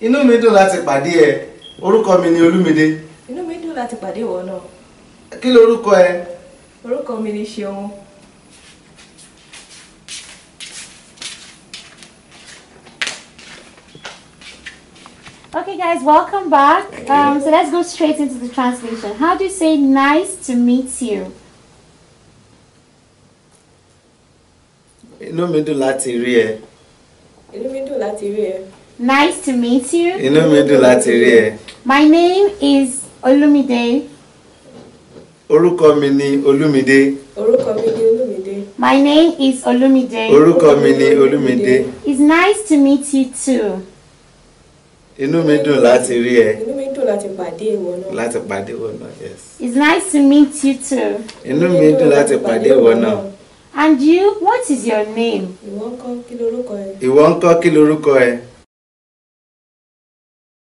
inú mi dùn láti pàdé ẹ orúkọ mi ni olúmídé. inú mi dùn láti pàdé ìwọ náà. kí lorúkọ ẹ. orúkọ mi ni ṣeun. Okay, guys, welcome back. Um, so let's go straight into the translation. How do you say nice to meet you? Inú mi dùn láti rí ẹ. Inú mi dùn láti rí ẹ. Nice to meet you. Inú mi dùn láti rí ẹ. My name is Olumide. Orúkọ mi ni Olumide. Orúkọ mi ni Olumide. My name is Olumide. Orúkọ mi ni Olumide. It's nice to meet you too. Inú mi dùn láti rí ẹ. Inú mi dùn láti pàdé ìwọ náà. Láti pàdé ìwọ náà, yes. It's nice to meet you too. Inú mi dùn láti pàdé ìwọ náà. And you, what is your name? Ìwọ ń kọ́ kí lorúkọ ẹ? Ìwọ ń kọ́ kí lorúkọ ẹ?